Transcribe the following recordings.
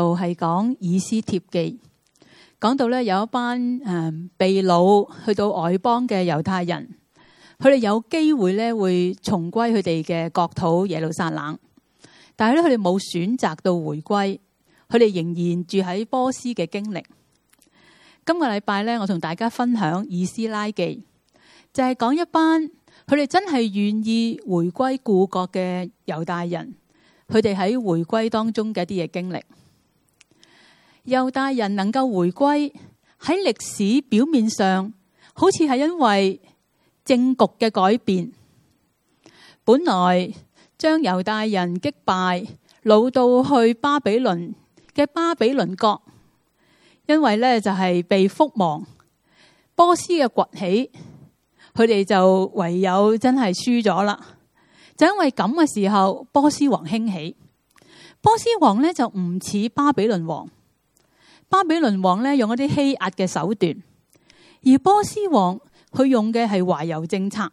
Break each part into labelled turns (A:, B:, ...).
A: 就係講以斯帖記，講到咧有一班誒被擄去到外邦嘅猶太人，佢哋有機會咧會重歸佢哋嘅國土耶路撒冷，但係咧佢哋冇選擇到回歸，佢哋仍然住喺波斯嘅經歷。今個禮拜咧，我同大家分享以斯拉記，就係、是、講一班佢哋真係願意回歸故國嘅猶太人，佢哋喺回歸當中嘅一啲嘅經歷。猶大人能夠回歸，喺歷史表面上，好似係因為政局嘅改變。本來將猶大人擊敗，擄到去巴比倫嘅巴比倫國，因為呢就係被覆亡。波斯嘅崛起，佢哋就唯有真係輸咗啦。就因為咁嘅時候，波斯王興起，波斯王呢就唔似巴比倫王。巴比倫王呢，用一啲欺壓嘅手段，而波斯王佢用嘅係懷柔政策，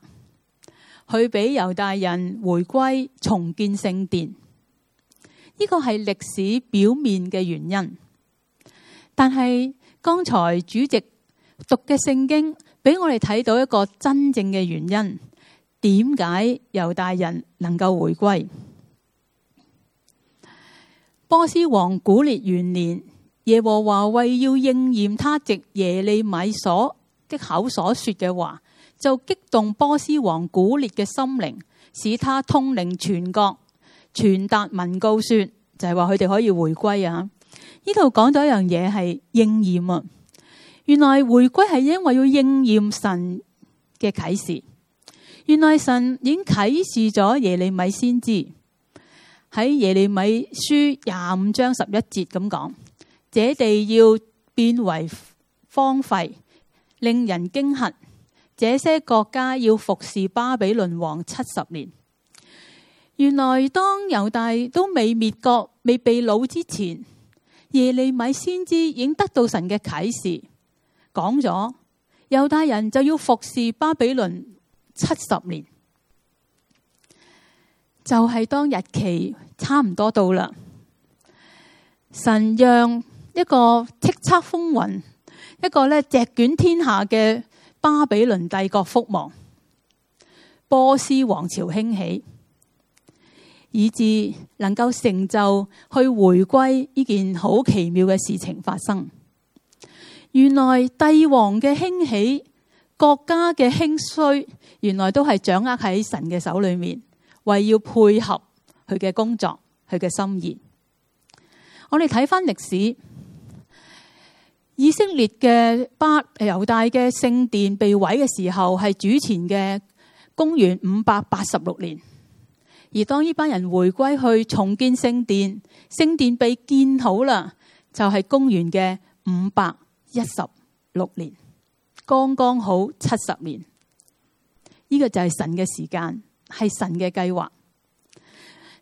A: 去俾猶大人回歸重建聖殿。呢個係歷史表面嘅原因，但係剛才主席讀嘅聖經俾我哋睇到一個真正嘅原因，點解猶大人能夠回歸？波斯王古列元年。耶和華為要應驗他藉耶利米所的口所說嘅話，就激動波斯王古列嘅心靈，使他通靈全國，傳達文告說，就係話佢哋可以回歸啊。呢度講咗一樣嘢係應驗啊，原來回歸係因為要應驗神嘅啟示。原來神已經啟示咗耶利米先知喺耶利米書廿五章十一節咁講。這地要變為荒廢，令人驚駭。這些國家要服侍巴比倫王七十年。原來當猶大都未滅國、未被擄之前，耶利米先知已經得到神嘅啟示，講咗猶大人就要服侍巴比倫七十年，就係當日期差唔多到啦。神讓。一個叱咤風雲，一個咧席捲天下嘅巴比倫帝國覆亡，波斯王朝興起，以致能夠成就去回歸呢件好奇妙嘅事情發生。原來帝王嘅興起，國家嘅興衰，原來都係掌握喺神嘅手裏面，為要配合佢嘅工作，佢嘅心意。我哋睇翻歷史。以色列嘅巴猶大嘅聖殿被毀嘅時候，係主前嘅公元五百八十六年，而當呢班人回歸去重建聖殿，聖殿被建好啦，就係、是、公元嘅五百一十六年，剛剛好七十年。呢、這個就係神嘅時間，係神嘅計劃。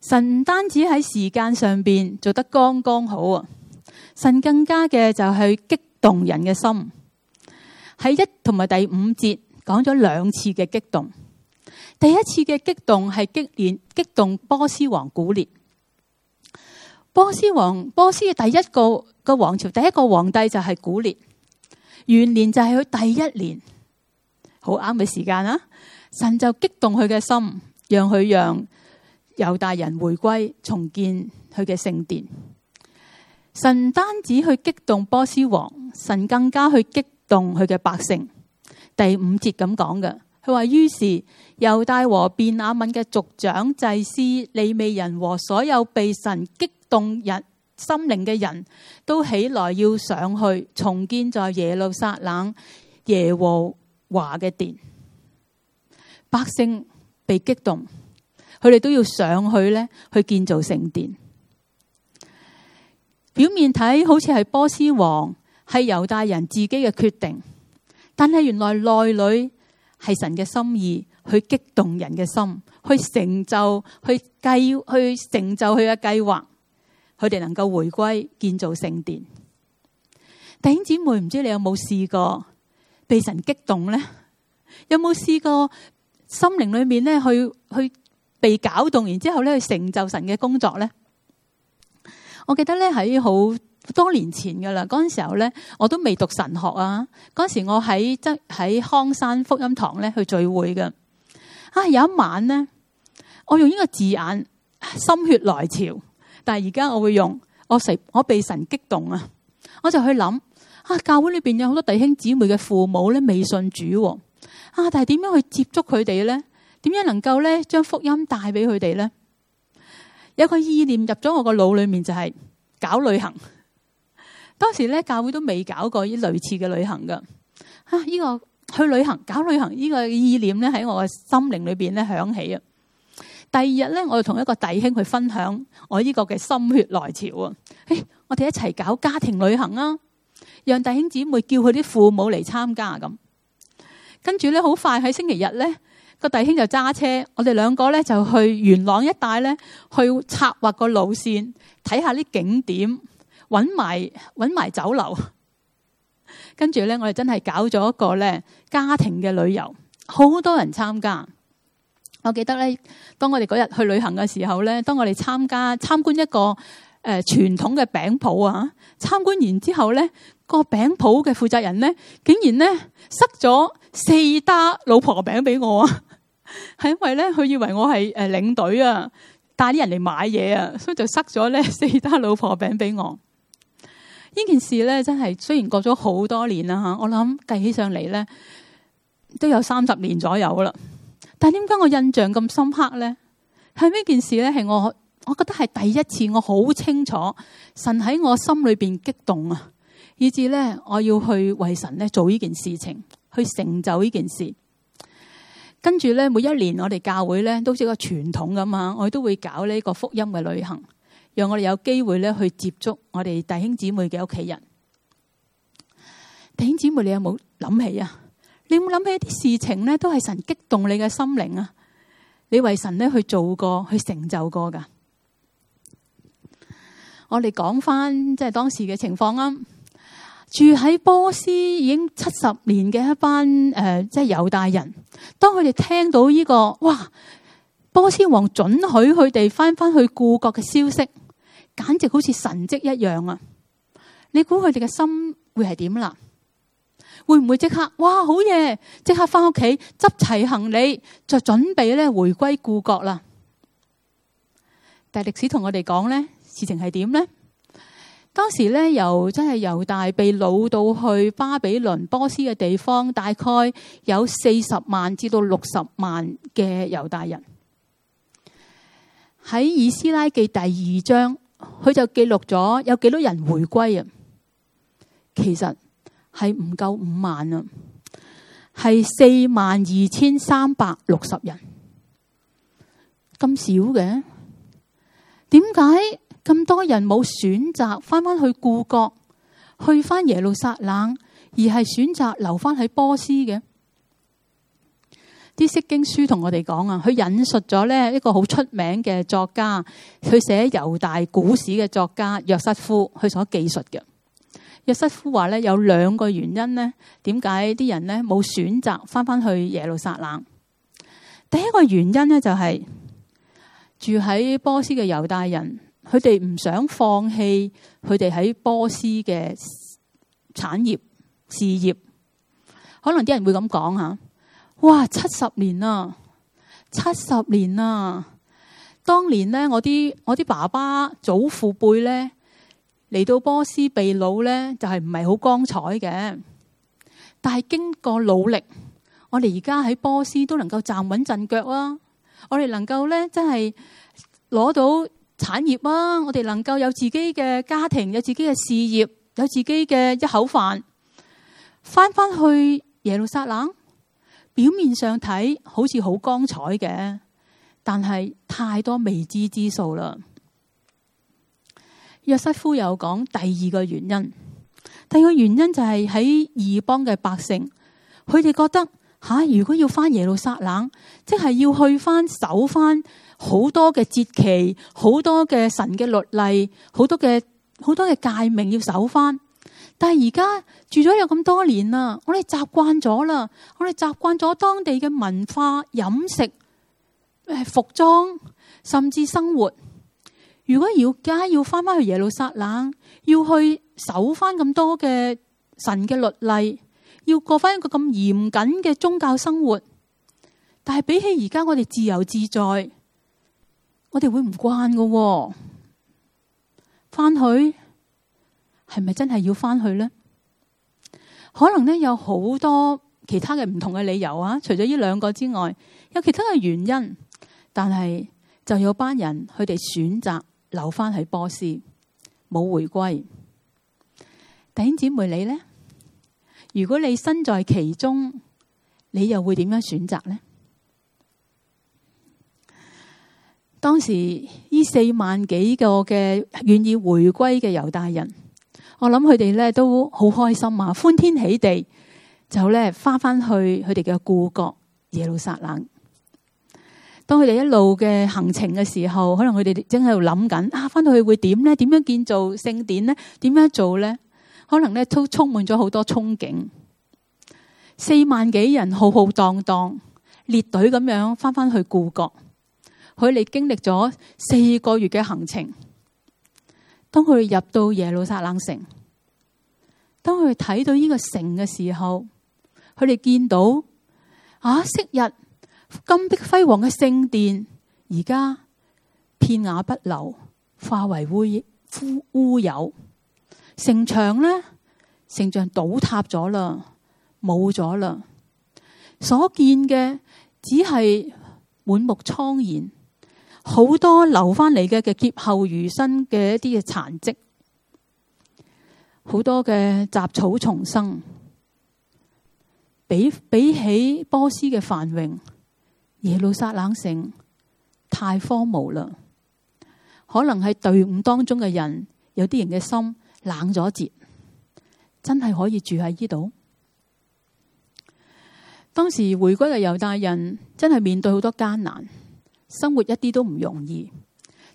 A: 神唔單止喺時間上邊做得剛剛好啊！神更加嘅，就係佢激動人嘅心，喺一同埋第五節講咗兩次嘅激動。第一次嘅激動係激連激動波斯王古列波王。波斯王波斯嘅第一個個皇朝第一個皇帝就係古列元年就係佢第一年，好啱嘅時間啦。神就激動佢嘅心，讓佢讓猶大人回歸重建佢嘅聖殿。神唔單止去激動波斯王，神更加去激動佢嘅百姓。第五節咁講嘅，佢話：於是猶大和便雅憫嘅族長、祭司、利未人和所有被神激動人心靈嘅人都起來要上去重建在耶路撒冷耶和華嘅殿。百姓被激動，佢哋都要上去呢去建造聖殿。表面睇好似係波斯王，係猶大人自己嘅決定，但係原來內裏係神嘅心意，去激動人嘅心，去成就，去計，去成就佢嘅計劃，佢哋能夠回歸建造聖殿。弟兄姊妹，唔知你有冇試過被神激動呢？有冇試過心靈裏面咧去去被攪動，然之後咧去成就神嘅工作咧？我記得咧喺好多年前噶啦，嗰陣時候咧我都未讀神學啊。嗰時我喺即喺康山福音堂咧去聚會嘅。啊，有一晚咧，我用呢個字眼心血來潮，但係而家我會用我我被神激動啊！我就去諗啊，教會裏邊有好多弟兄姊妹嘅父母咧未信主，啊，但係點樣去接觸佢哋咧？點樣能夠咧將福音帶俾佢哋咧？有個意念入咗我個腦裏面，就係、是、搞旅行。當時咧，教會都未搞過呢類似嘅旅行噶。啊，個、呢個去旅行、搞旅行，呢個意念咧喺我嘅心靈裏邊咧響起啊。第二日咧，我就同一個弟兄去分享我呢個嘅心血來潮啊、哎！我哋一齊搞家庭旅行啊，讓弟兄姊妹叫佢啲父母嚟參加咁。跟住咧，好快喺星期日咧。個弟兄就揸車，我哋兩個咧就去元朗一帶咧，去策劃個路線，睇下啲景點，揾埋揾埋酒樓，跟住咧我哋真係搞咗一個咧家庭嘅旅遊，好多人參加。我記得咧，當我哋嗰日去旅行嘅時候咧，當我哋參加參觀一個誒傳統嘅餅鋪啊，參觀完之後咧，個餅鋪嘅負責人咧，竟然咧塞咗四打老婆餅俾我啊！係因為咧，佢以為我係誒領隊啊，帶啲人嚟買嘢啊，所以就塞咗咧四打老婆餅俾我。呢件事咧，真係雖然過咗好多年啦吓，我諗計起上嚟咧都有三十年左右啦。但係點解我印象咁深刻咧？係呢件事咧，係我我覺得係第一次，我好清楚神喺我心裏邊激動啊，以至咧我要去為神咧做呢件事情，去成就呢件事。跟住咧，每一年我哋教會咧，都似個傳統咁啊，我哋都會搞呢個福音嘅旅行，讓我哋有機會咧去接觸我哋弟兄姊妹嘅屋企人。弟兄姊妹，你有冇諗起啊？你有冇諗起一啲事情咧，都係神激動你嘅心靈啊？你為神咧去做過，去成就過噶？我哋講翻，即係當時嘅情況啊！住喺波斯已經七十年嘅一班誒、呃，即係猶大人。當佢哋聽到呢、這個哇，波斯王准許佢哋翻翻去故國嘅消息，簡直好似神蹟一樣啊！你估佢哋嘅心會係點啦？會唔會即刻哇，好嘢！即刻翻屋企執齊行李，就準備咧回歸故國啦？但係歷史同我哋講咧，事情係點咧？當時咧，由真係猶大被擄到去巴比倫波斯嘅地方，大概有四十萬至到六十萬嘅猶大人。喺以斯拉記第二章，佢就記錄咗有幾多人回歸啊？其實係唔夠五萬啊，係四萬二千三百六十人，咁少嘅，點解？咁多人冇選擇翻翻去故國，去翻耶路撒冷，而係選擇留翻喺波斯嘅。啲《釋經書》同我哋講啊，佢引述咗呢一個好出名嘅作家，佢寫猶大古史嘅作家約瑟夫。佢所記述嘅約瑟夫話呢，有兩個原因呢：點解啲人呢冇選擇翻翻去耶路撒冷？第一個原因呢，就係，就係住喺波斯嘅猶大人。佢哋唔想放棄佢哋喺波斯嘅產業事業，可能啲人會咁講嚇。哇！七十年喇，七十年喇，當年呢，我啲我啲爸爸祖父輩呢嚟到波斯秘魯呢，就係唔係好光彩嘅。但係經過努力，我哋而家喺波斯都能夠站穩陣腳啊！我哋能夠呢，真係攞到產業啊，我哋能夠有自己嘅家庭，有自己嘅事業，有自己嘅一口飯，翻翻去耶路撒冷，表面上睇好似好光彩嘅，但係太多未知之數啦。約瑟夫又講第二個原因，第二個原因就係喺異邦嘅百姓，佢哋覺得吓，如果要翻耶路撒冷，即係要去翻守翻。好多嘅節期，好多嘅神嘅律例，好多嘅好多嘅誡命要守翻。但係而家住咗有咁多年啦，我哋習慣咗啦，我哋習慣咗當地嘅文化、飲食、誒服裝，甚至生活。如果而家要翻翻去耶路撒冷，要去守翻咁多嘅神嘅律例，要過翻一個咁嚴謹嘅宗教生活，但係比起而家，我哋自由自在。我哋會唔慣噶哦，翻去係咪真係要翻去呢？可能呢，有好多其他嘅唔同嘅理由啊，除咗呢兩個之外，有其他嘅原因。但係就有班人佢哋選擇留翻喺波斯，冇回歸。弟兄姐妹，你呢？如果你身在其中，你又會點樣選擇呢？當時呢四萬幾個嘅願意回歸嘅猶大人，我諗佢哋咧都好開心啊，歡天喜地，就咧翻翻去佢哋嘅故國耶路撒冷。當佢哋一路嘅行程嘅時候，可能佢哋正喺度諗緊啊，翻到去會點咧？點樣建造聖殿咧？點樣做咧？可能咧都充滿咗好多憧憬。四萬幾人浩浩蕩蕩列隊咁樣翻翻去故國。佢哋經歷咗四個月嘅行程，當佢哋入到耶路撒冷城，當佢哋睇到呢個城嘅時候，佢哋見到啊昔日金碧輝煌嘅聖殿，而家片瓦不留，化為灰灰烏有；城牆呢，城牆倒塌咗啦，冇咗啦，所見嘅只係滿目蒼然。好多留翻嚟嘅嘅劫後餘生嘅一啲嘅殘迹，好多嘅雜草叢生，比比起波斯嘅繁榮，耶路撒冷城太荒蕪啦。可能係隊伍當中嘅人，有啲人嘅心冷咗截，真係可以住喺呢度。當時回歸嘅猶大人真係面對好多艱難。生活一啲都唔容易，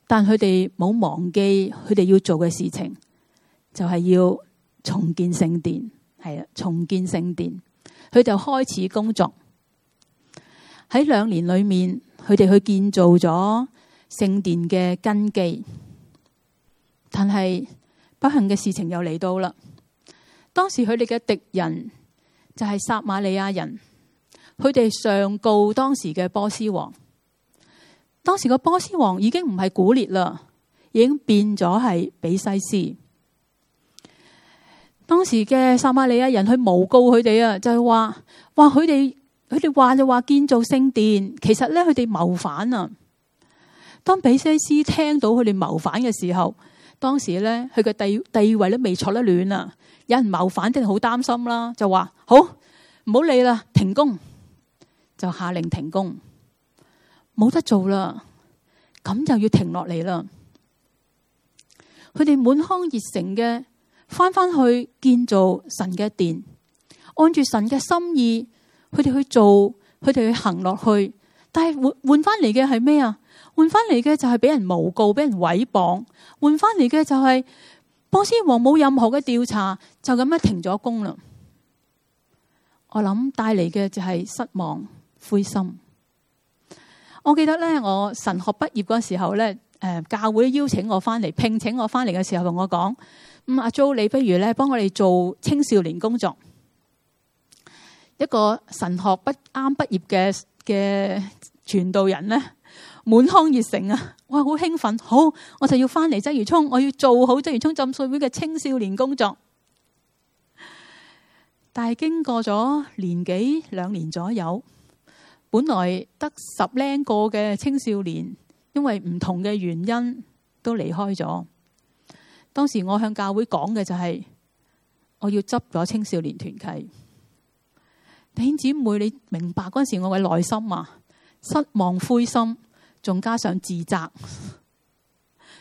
A: 但佢哋冇忘記佢哋要做嘅事情，就係要重建聖殿。係啊重建聖殿，佢就開始工作。喺兩年裏面，佢哋去建造咗聖殿嘅根基。但係不幸嘅事情又嚟到啦。當時佢哋嘅敵人就係撒瑪利亞人，佢哋上告當時嘅波斯王。當時個波斯王已經唔係古列啦，已經變咗係比西斯。當時嘅撒瑪利亞人去誣告佢哋啊，就係話：話佢哋佢哋話就話建造聖殿，其實咧佢哋謀反啊。當比西斯聽到佢哋謀反嘅時候，當時咧佢嘅地地位都未坐得暖啊，有人謀反一定好擔心啦，就話：好唔好理啦，停工，就下令停工。冇得做啦，咁就要停落嚟啦。佢哋滿腔熱誠嘅翻翻去建造神嘅殿，按住神嘅心意，佢哋去做，佢哋去行落去。但係換換翻嚟嘅係咩啊？換翻嚟嘅就係俾人誣告，俾人毀謗。換翻嚟嘅就係、是、波斯王冇任何嘅調查，就咁樣停咗工啦。我諗帶嚟嘅就係失望、灰心。我記得咧，我神學畢業嗰時候咧，誒，教會邀請我翻嚟，聘請我翻嚟嘅時候，同我講：咁阿 Jo，你不如咧，幫我哋做青少年工作。一個神學不啱畢業嘅嘅傳道人咧，滿腔熱誠啊！哇，好興奮，好，我就要翻嚟真如沖，我要做好真如沖浸信會嘅青少年工作。但係經過咗年幾兩年左右。本來得十零個嘅青少年，因為唔同嘅原因都離開咗。當時我向教會講嘅就係，我要執咗青少年團契。弟兄姊妹，你明白嗰陣時我嘅內心啊，失望、灰心，仲加上自責。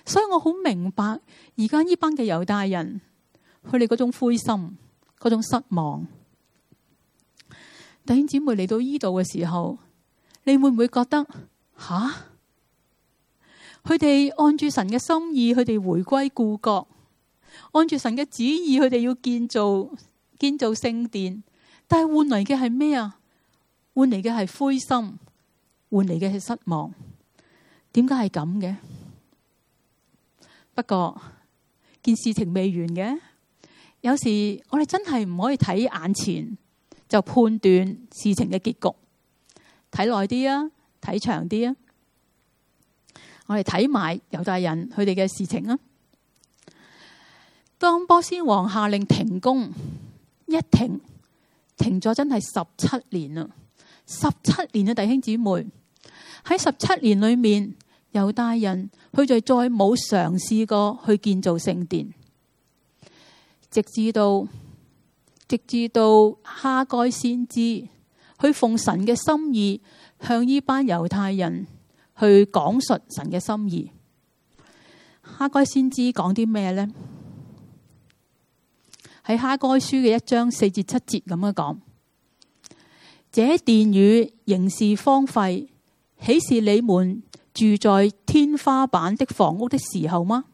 A: 所以我好明白而家呢班嘅猶大人，佢哋嗰種灰心、嗰種失望。弟兄姊妹，嚟到呢度嘅時候，你會唔會覺得吓？佢哋按住神嘅心意，佢哋回歸故國；按住神嘅旨意，佢哋要建造建造聖殿。但係換嚟嘅係咩啊？換嚟嘅係灰心，換嚟嘅係失望。點解係咁嘅？不過件事情未完嘅。有時我哋真係唔可以睇眼前。就判斷事情嘅結局，睇耐啲啊，睇長啲啊，我哋睇埋猶大人佢哋嘅事情啊。當波斯王下令停工，一停停咗真係十七年啦，十七年嘅弟兄姊妹喺十七年裏面，猶大人佢就再冇嘗試過去建造聖殿，直至到。直至到哈該先知去奉神嘅心意，向呢班猶太人去講述神嘅心意。哈該先知講啲咩呢？喺哈該書嘅一章四至七節咁樣講：這殿宇仍是荒廢，豈是你們住在天花板的房屋的時候嗎？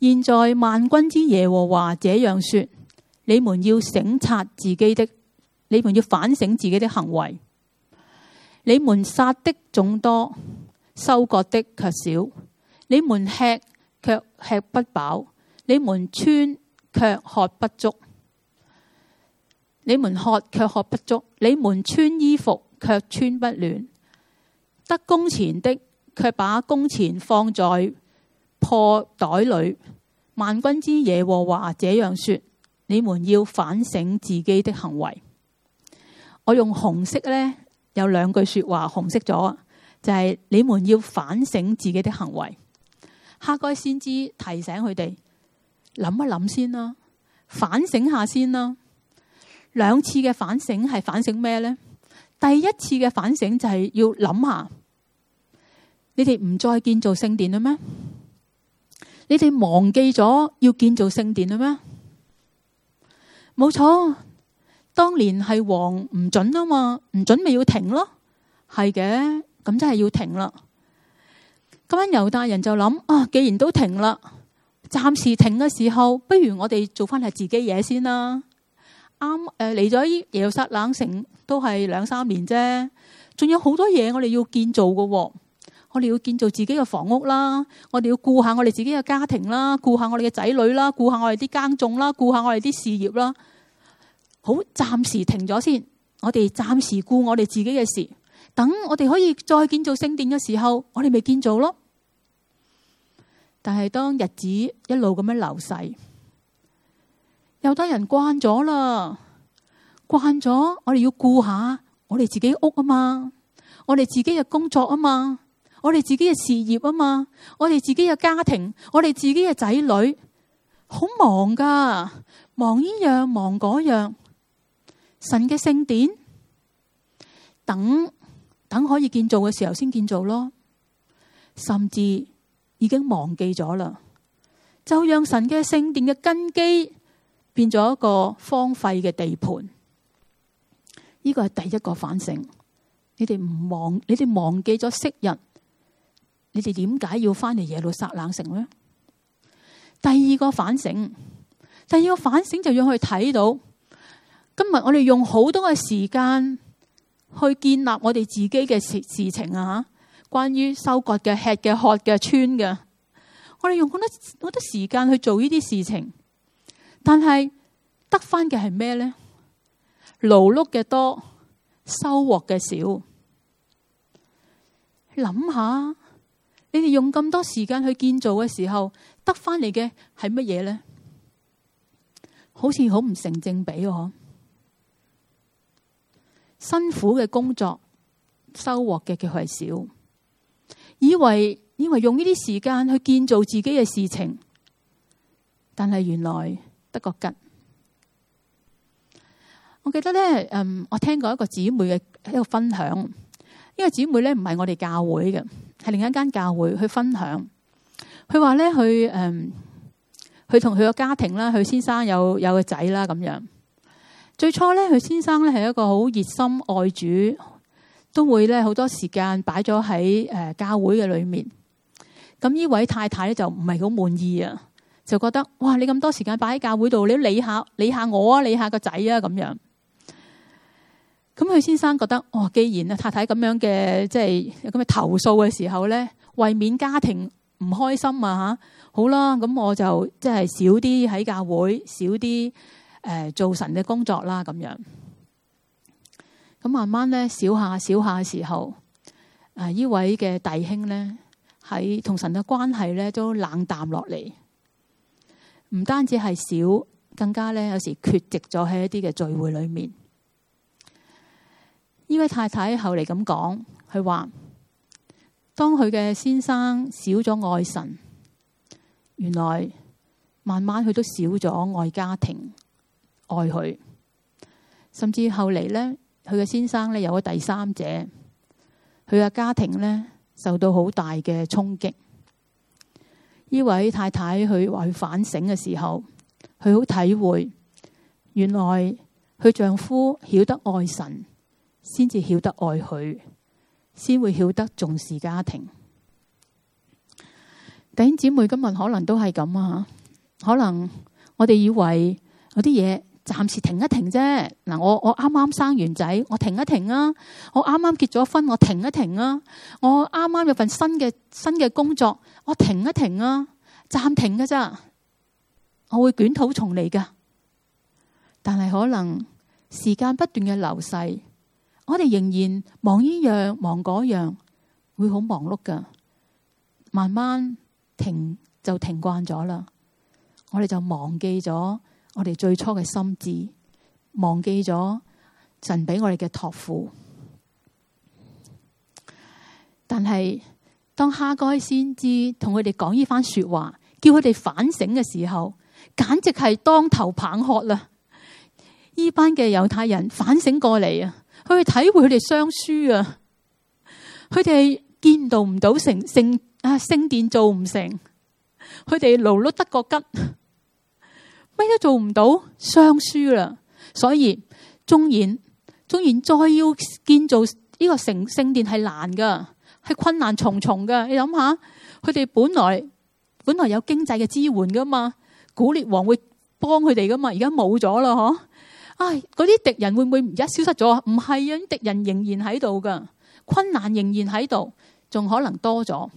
A: 現在萬軍之耶和華這樣說。你們要省察自己的，你們要反省自己的行為。你們撒的種多，收割的卻少；你們吃卻吃不飽，你們穿卻喝不足。你們喝卻喝不足，你們穿衣服卻穿不暖。得工錢的卻把工錢放在破袋裏。萬軍之耶和華這樣說。你們要反省自己的行為。我用紅色咧，有兩句說話，紅色咗，就係、是、你們要反省自己的行為。哈該先知提醒佢哋諗一諗先啦、啊，反省下先啦、啊。兩次嘅反省係反省咩呢？第一次嘅反省就係要諗下，你哋唔再建造聖殿啦咩？你哋忘記咗要建造聖殿啦咩？冇錯，當年係王唔准啊嘛，唔准咪要停咯，係嘅，咁真係要停啦。咁樣猶大人就諗啊，既然都停啦，暫時停嘅時候，不如我哋做翻係自己嘢先啦。啱誒嚟咗耶路撒冷城，都係兩三年啫，仲有好多嘢我哋要建造嘅，哦。我哋要建造自己嘅房屋啦，我哋要顧下我哋自己嘅家庭啦，顧下我哋嘅仔女啦，顧下我哋啲耕種啦，顧下我哋啲事業啦。好，暫時停咗先。我哋暫時顧我哋自己嘅事，等我哋可以再建造聖殿嘅時候，我哋咪建造咯。但係當日子一路咁樣流逝，又多人慣咗啦，慣咗我哋要顧下我哋自己屋啊嘛，我哋自己嘅工作啊嘛。我哋自己嘅事業啊嘛，我哋自己嘅家庭，我哋自己嘅仔女，好忙㗎，忙呢樣忙嗰樣，神嘅聖殿，等等可以建造嘅時候先建造咯，甚至已經忘記咗啦，就讓神嘅聖殿嘅根基變咗一個荒廢嘅地盤，呢個係第一個反省，你哋唔忘，你哋忘記咗昔日。你哋點解要翻嚟耶路撒冷城咧？第二個反省，第二個反省就要去睇到今日我哋用好多嘅時間去建立我哋自己嘅事事情啊！吓，關於收割嘅、吃嘅、喝嘅、穿嘅，我哋用好多好多時間去做呢啲事情，但係得翻嘅係咩咧？勞碌嘅多，收穫嘅少。諗下。你哋用咁多時間去建造嘅時候，得返嚟嘅係乜嘢呢？好似好唔成正比。辛苦嘅工作，收穫嘅卻係少。以為以為用呢啲時間去建造自己嘅事情，但係原來得個吉。我記得呢，嗯，我聽過一個姊妹嘅一個分享。呢個姊妹咧，唔係我哋教會嘅，係另一間教會去分享。佢話咧，佢誒，佢同佢個家庭啦，佢先生有有個仔啦，咁樣。最初咧，佢先生咧係一個好熱心愛主，都會咧好多時間擺咗喺誒教會嘅裏面。咁呢位太太咧就唔係好滿意啊，就覺得哇，你咁多時間擺喺教會度，你理下理下我啊，理下個仔啊，咁樣。咁佢先生覺得，哦，既然太太睇咁樣嘅，即係咁嘅投訴嘅時候咧，為免家庭唔開心啊嚇、啊，好啦，咁我就即係、就是、少啲喺教會，少啲、呃、做神嘅工作啦，咁樣。咁慢慢咧少下少下嘅時候，啊，呢位嘅弟兄咧，喺同神嘅關係咧都冷淡落嚟，唔單止係少，更加咧有時缺席咗喺一啲嘅聚會裏面。呢位太太後嚟咁講，佢話當佢嘅先生少咗愛神，原來慢慢佢都少咗愛家庭，愛佢，甚至後嚟呢，佢嘅先生呢有咗第三者，佢嘅家庭呢受到好大嘅衝擊。呢位太太佢話佢反省嘅時候，佢好體會原來佢丈夫曉得愛神。先至曉得愛佢，先會曉得重視家庭。弟兄姊妹今日可能都係咁啊，可能我哋以為有啲嘢暫時停一停啫。嗱，我我啱啱生完仔，我停一停啊；我啱啱結咗婚，我停一停啊；我啱啱有份新嘅新嘅工作，我停一停啊。暫停㗎咋。我會捲土重嚟噶。但係可能時間不斷嘅流逝。我哋仍然忙呢樣忙嗰樣，會好忙碌噶。慢慢停就停慣咗啦，我哋就忘記咗我哋最初嘅心智，忘記咗神俾我哋嘅託付。但係當哈該先知同佢哋講呢番說話，叫佢哋反省嘅時候，簡直係當頭棒喝啦！呢班嘅猶太人反省過嚟啊！佢哋體會佢哋雙輸啊！佢哋建到唔到成聖啊，聖殿做唔成，佢哋勞碌得個吉，咩都做唔到，雙輸啦！所以終然終然再要建造呢個成聖殿係難噶，係困難重重噶。你諗下，佢哋本來本來有經濟嘅支援噶嘛，古列王會幫佢哋噶嘛，而家冇咗啦，嗬？唉，嗰啲敵人會唔會而家消失咗？唔係啊，敵人仍然喺度噶，困難仍然喺度，仲可能多咗。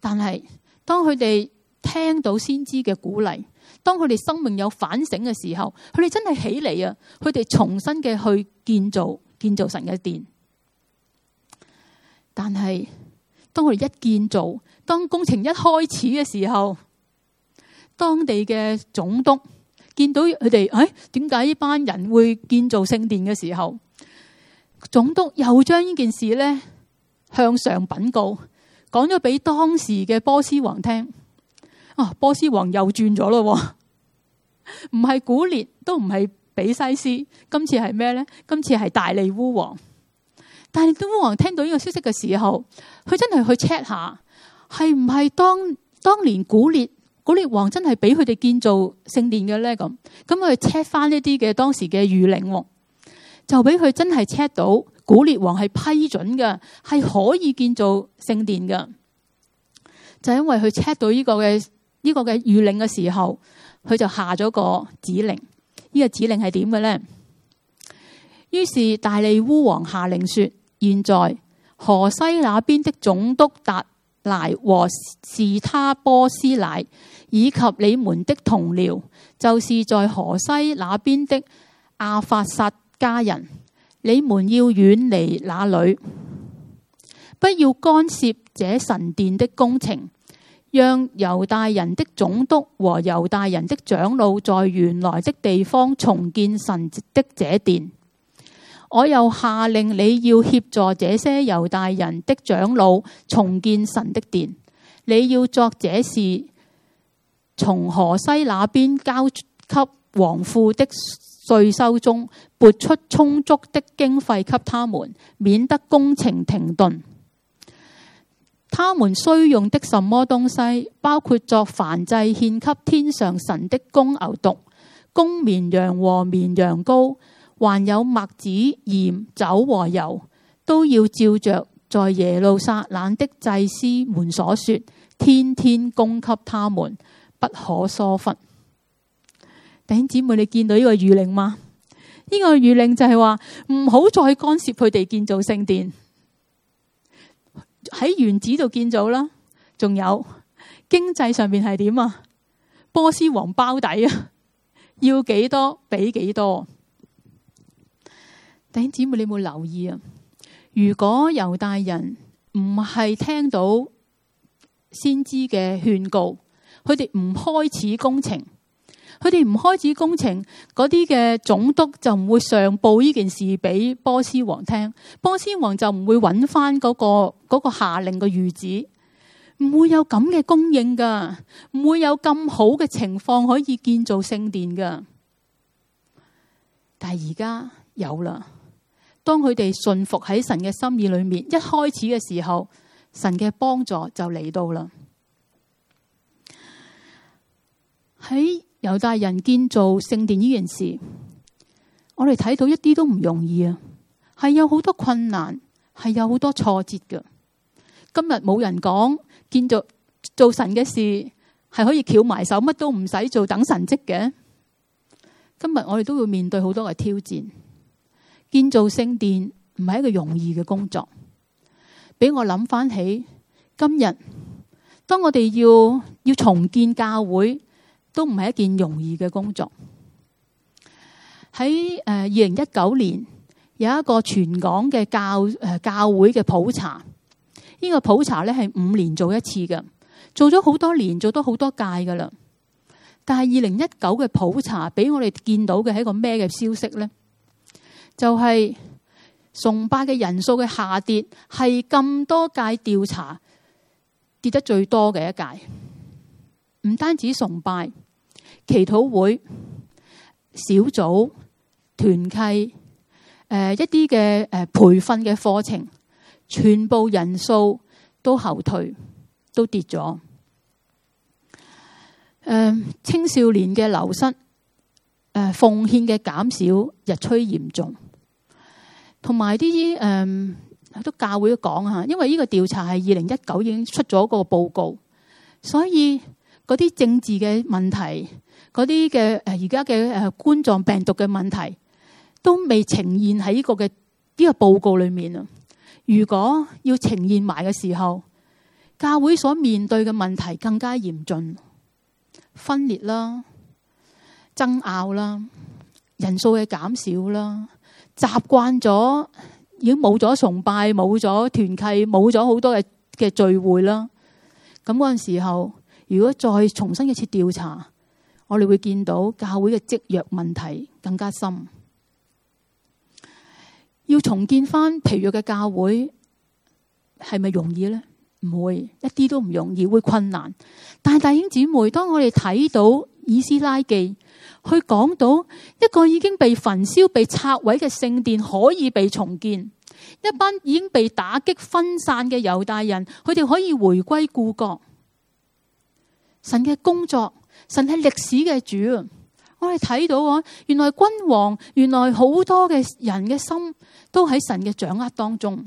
A: 但係當佢哋聽到先知嘅鼓勵，當佢哋生命有反省嘅時候，佢哋真係起嚟啊！佢哋重新嘅去建造建造神嘅殿。但係當佢哋一建造，當工程一開始嘅時候，當地嘅總督。見到佢哋。哎，點解呢班人會建造聖殿嘅時候，總督又將呢件事咧向上稟告，講咗俾當時嘅波斯王聽。哦、啊，波斯王又轉咗咯，唔係古列，都唔係比西斯，今次係咩咧？今次係大利烏王。大利烏王聽到呢個消息嘅時候，佢真係去 check 下，係唔係當當年古列？古列王真係俾佢哋建造聖殿嘅咧，咁咁佢 check 翻呢啲嘅當時嘅諭令，就俾佢真係 check 到古列王係批准嘅，係可以建造聖殿嘅。就因為佢 check 到呢個嘅呢個嘅諭令嘅時候，佢就下咗個指令，呢個指令係點嘅咧？於是大利烏王下令說：現在河西那邊的總督達賴和士他波斯乃。以及你們的同僚，就是在河西那邊的阿法撒家人，你們要遠離那裏，不要干涉這神殿的工程。讓猶大人的總督和猶大人的長老在原來的地方重建神的這殿。我又下令你要協助這些猶大人的長老重建神的殿。你要作這事。從河西那邊交給王庫的稅收中撥出充足的經費給他們，免得工程停頓。他們需用的什麼東西，包括作燔祭獻給天上神的公牛犢、公綿羊和綿羊羔，還有麥子、鹽、酒和油，都要照着在耶路撒冷的祭司們所說，天天供給他們。不可疏忽，弟兄姊妹，你見到呢個諭令嗎？呢個諭令就係話唔好再干涉佢哋建造聖殿，喺原址度建造啦。仲有經濟上面係點啊？波斯王包底啊，要幾多俾幾多？弟兄姊妹，你有冇留意啊？如果猶大人唔係聽到先知嘅勸告，.佢哋唔開始工程，佢哋唔開始工程，嗰啲嘅總督就唔會上報呢件事俾波斯王聽，波斯王就唔會搵翻嗰個、嗰個下令嘅御旨，唔會有咁嘅供應噶，唔會有咁好嘅情況可以建造聖殿噶。但係而家有啦，當佢哋信服喺神嘅心意裏面，一開始嘅時候，神嘅幫助就嚟到啦。喺猶大人建造聖殿呢件事，我哋睇到一啲都唔容易啊，係有好多困難，係有好多挫折嘅。今日冇人講建造做神嘅事係可以翹埋手，乜都唔使做，等神蹟嘅。今日我哋都要面對好多嘅挑戰，建造聖殿唔係一個容易嘅工作。俾我諗翻起今日，當我哋要要重建教會。都唔係一件容易嘅工作在2019。喺誒二零一九年有一個全港嘅教誒、呃、教會嘅普查，呢、這個普查咧係五年做一次嘅，做咗好多年，做咗好多屆噶啦。但係二零一九嘅普查俾我哋見到嘅係一個咩嘅消息呢？就係、是、崇拜嘅人數嘅下跌係咁多屆調查跌得最多嘅一屆，唔單止崇拜。祈禱會、小組、團契，誒、呃、一啲嘅誒培訓嘅課程，全部人數都後退，都跌咗。誒、呃、青少年嘅流失，誒、呃、奉獻嘅減少日趨嚴重，同埋啲啲誒都教會講啊，因為呢個調查係二零一九已經出咗個報告，所以嗰啲政治嘅問題。嗰啲嘅誒，而家嘅誒冠狀病毒嘅問題都未呈現喺呢個嘅呢個報告裏面啊。如果要呈現埋嘅時候，教會所面對嘅問題更加嚴峻，分裂啦、爭拗啦、人數嘅減少啦，習慣咗已經冇咗崇拜、冇咗團契、冇咗好多嘅嘅聚會啦。咁嗰陣時候，如果再重新一次調查。我哋會見到教會嘅積弱問題更加深，要重建返疲弱嘅教會係咪容易呢？唔會，一啲都唔容易，會困難。但係大英姊妹，當我哋睇到以斯拉記，佢講到一個已經被焚燒、被拆毀嘅聖殿可以被重建，一班已經被打擊分散嘅猶大人，佢哋可以回歸故國。神嘅工作。神係歷史嘅主，我哋睇到啊，原來君王，原來好多嘅人嘅心都喺神嘅掌握當中。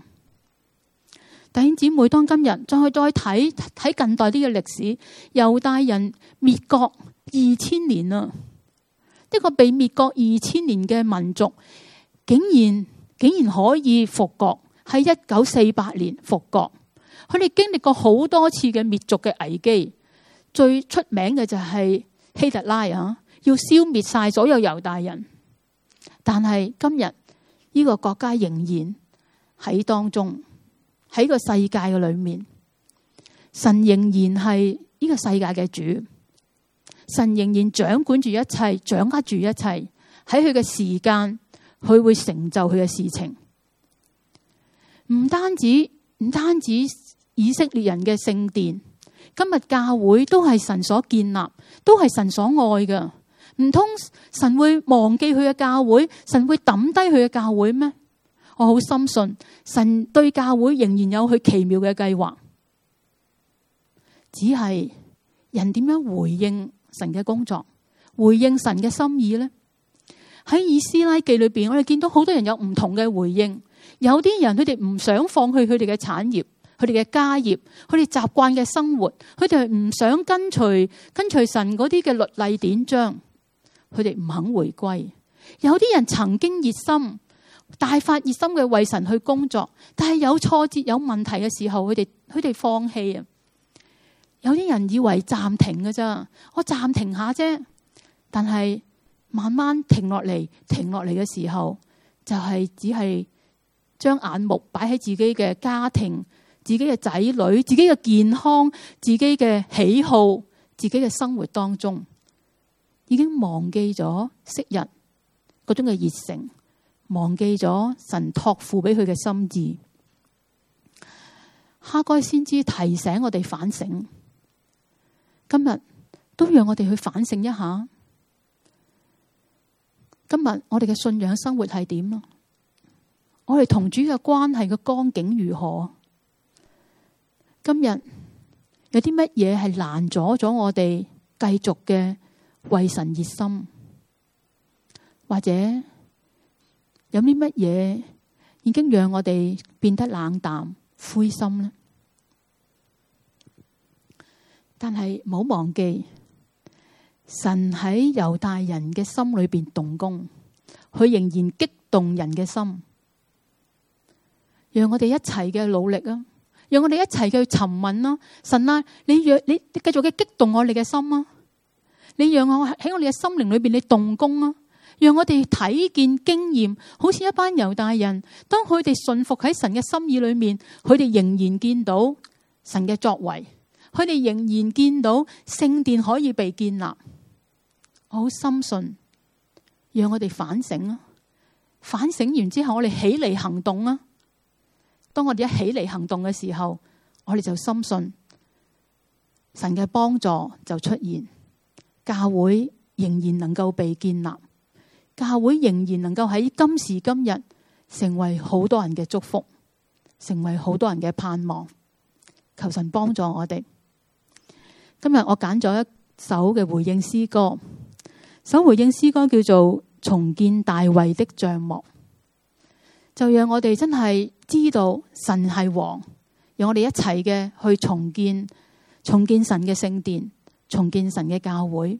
A: 弟兄姊妹，當今日再去再睇睇近代啲嘅歷史，猶大人滅國二千年啊。一個被滅國二千年嘅民族，竟然竟然可以復國，喺一九四八年復國，佢哋經歷過好多次嘅滅族嘅危機。最出名嘅就係希特拉啊，要消滅晒所有猶大人。但係今日呢個國家仍然喺當中，喺個世界嘅裏面，神仍然係呢個世界嘅主，神仍然掌管住一切，掌握住一切。喺佢嘅時間，佢會成就佢嘅事情。唔單止唔單止以色列人嘅聖殿。今日教會都係神所建立，都係神所愛嘅。唔通，神會忘記佢嘅教會，神會抌低佢嘅教會咩？我好深信神對教會仍然有佢奇妙嘅計劃，只係人點樣回應神嘅工作，回應神嘅心意呢？喺以斯拉記裏邊，我哋見到好多人有唔同嘅回應，有啲人佢哋唔想放棄佢哋嘅產業。佢哋嘅家業，佢哋習慣嘅生活，佢哋唔想跟隨跟隨神嗰啲嘅律例典章，佢哋唔肯回歸。有啲人曾經熱心、大發熱心嘅為神去工作，但係有挫折、有問題嘅時候，佢哋佢哋放棄啊。有啲人以為暫停㗎啫，我暫停下啫，但係慢慢停落嚟、停落嚟嘅時候，就係只係將眼目擺喺自己嘅家庭。自己嘅仔女、自己嘅健康、自己嘅喜好、自己嘅生活當中，已經忘記咗昔日嗰種嘅熱誠，忘記咗神託付俾佢嘅心意。哈該先知提醒我哋反省，今日都讓我哋去反省一下。今日我哋嘅信仰生活係點咯？我哋同主嘅關係嘅光景如何？今日有啲乜嘢係難阻咗我哋繼續嘅為神熱心，或者有啲乜嘢已經讓我哋變得冷淡灰心呢？但係唔好忘記神喺猶大人嘅心裏邊動工，佢仍然激動人嘅心，讓我哋一齊嘅努力啊！讓我哋一齊去尋問啦，啊，神啊，你若你，你繼續嘅激動我哋嘅心啊，你讓我喺我哋嘅心靈裏邊，你動工啊，讓我哋睇見經驗，好似一班猶大人，當佢哋信服喺神嘅心意裏面，佢哋仍然見到神嘅作為，佢哋仍然見到聖殿可以被建立，我好深信，讓我哋反省啊，反省完之後，我哋起嚟行動啊。當我哋一起嚟行動嘅時候，我哋就深信神嘅幫助就出現，教會仍然能夠被建立，教會仍然能夠喺今時今日成為好多人嘅祝福，成為好多人嘅盼望。求神幫助我哋。今日我揀咗一首嘅回應詩歌，首回應詩歌叫做《重建大衛的帳幕》，就讓我哋真係。知道神係王，讓我哋一齊嘅去重建，重建神嘅聖殿，重建神嘅教會。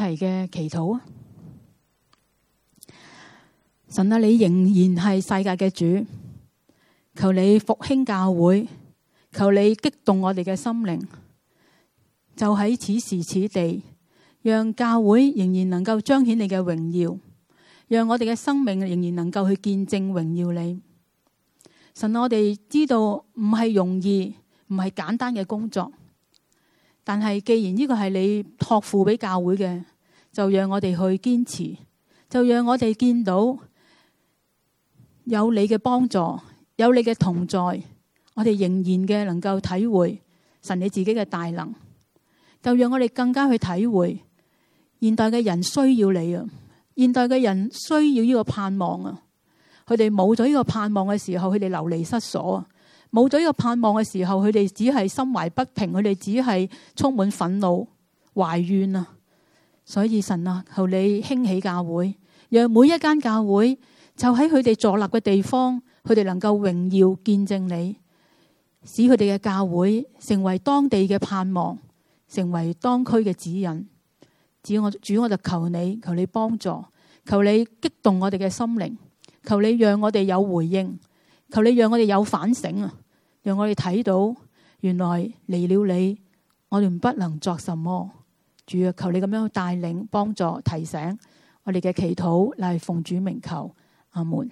A: 係嘅祈禱，神啊，你仍然係世界嘅主，求你復興教會，求你激動我哋嘅心靈，就喺此時此地，讓教會仍然能夠彰顯你嘅榮耀，讓我哋嘅生命仍然能夠去見證榮耀你。神啊，我哋知道唔係容易，唔係簡單嘅工作，但係既然呢個係你託付俾教會嘅。就讓我哋去堅持，就讓我哋見到有你嘅幫助，有你嘅同在，我哋仍然嘅能夠體會神你自己嘅大能。就讓我哋更加去體會現代嘅人需要你啊！現代嘅人需要呢個盼望啊！佢哋冇咗呢個盼望嘅時候，佢哋流離失所啊！冇咗呢個盼望嘅時候，佢哋只係心懷不平，佢哋只係充滿憤怒、懷怨啊！所以神啊，求你興起教會，讓每一間教會就喺佢哋坐落嘅地方，佢哋能夠榮耀見證你，使佢哋嘅教會成為當地嘅盼望，成為當區嘅指引。主我主，我就求你，求你幫助，求你激動我哋嘅心靈，求你讓我哋有回應，求你讓我哋有反省啊，讓我哋睇到原來離了你，我哋不能作什麼。求你這樣帶領、幫助、提醒我們的祈禱，乃係奉主名求。阿門。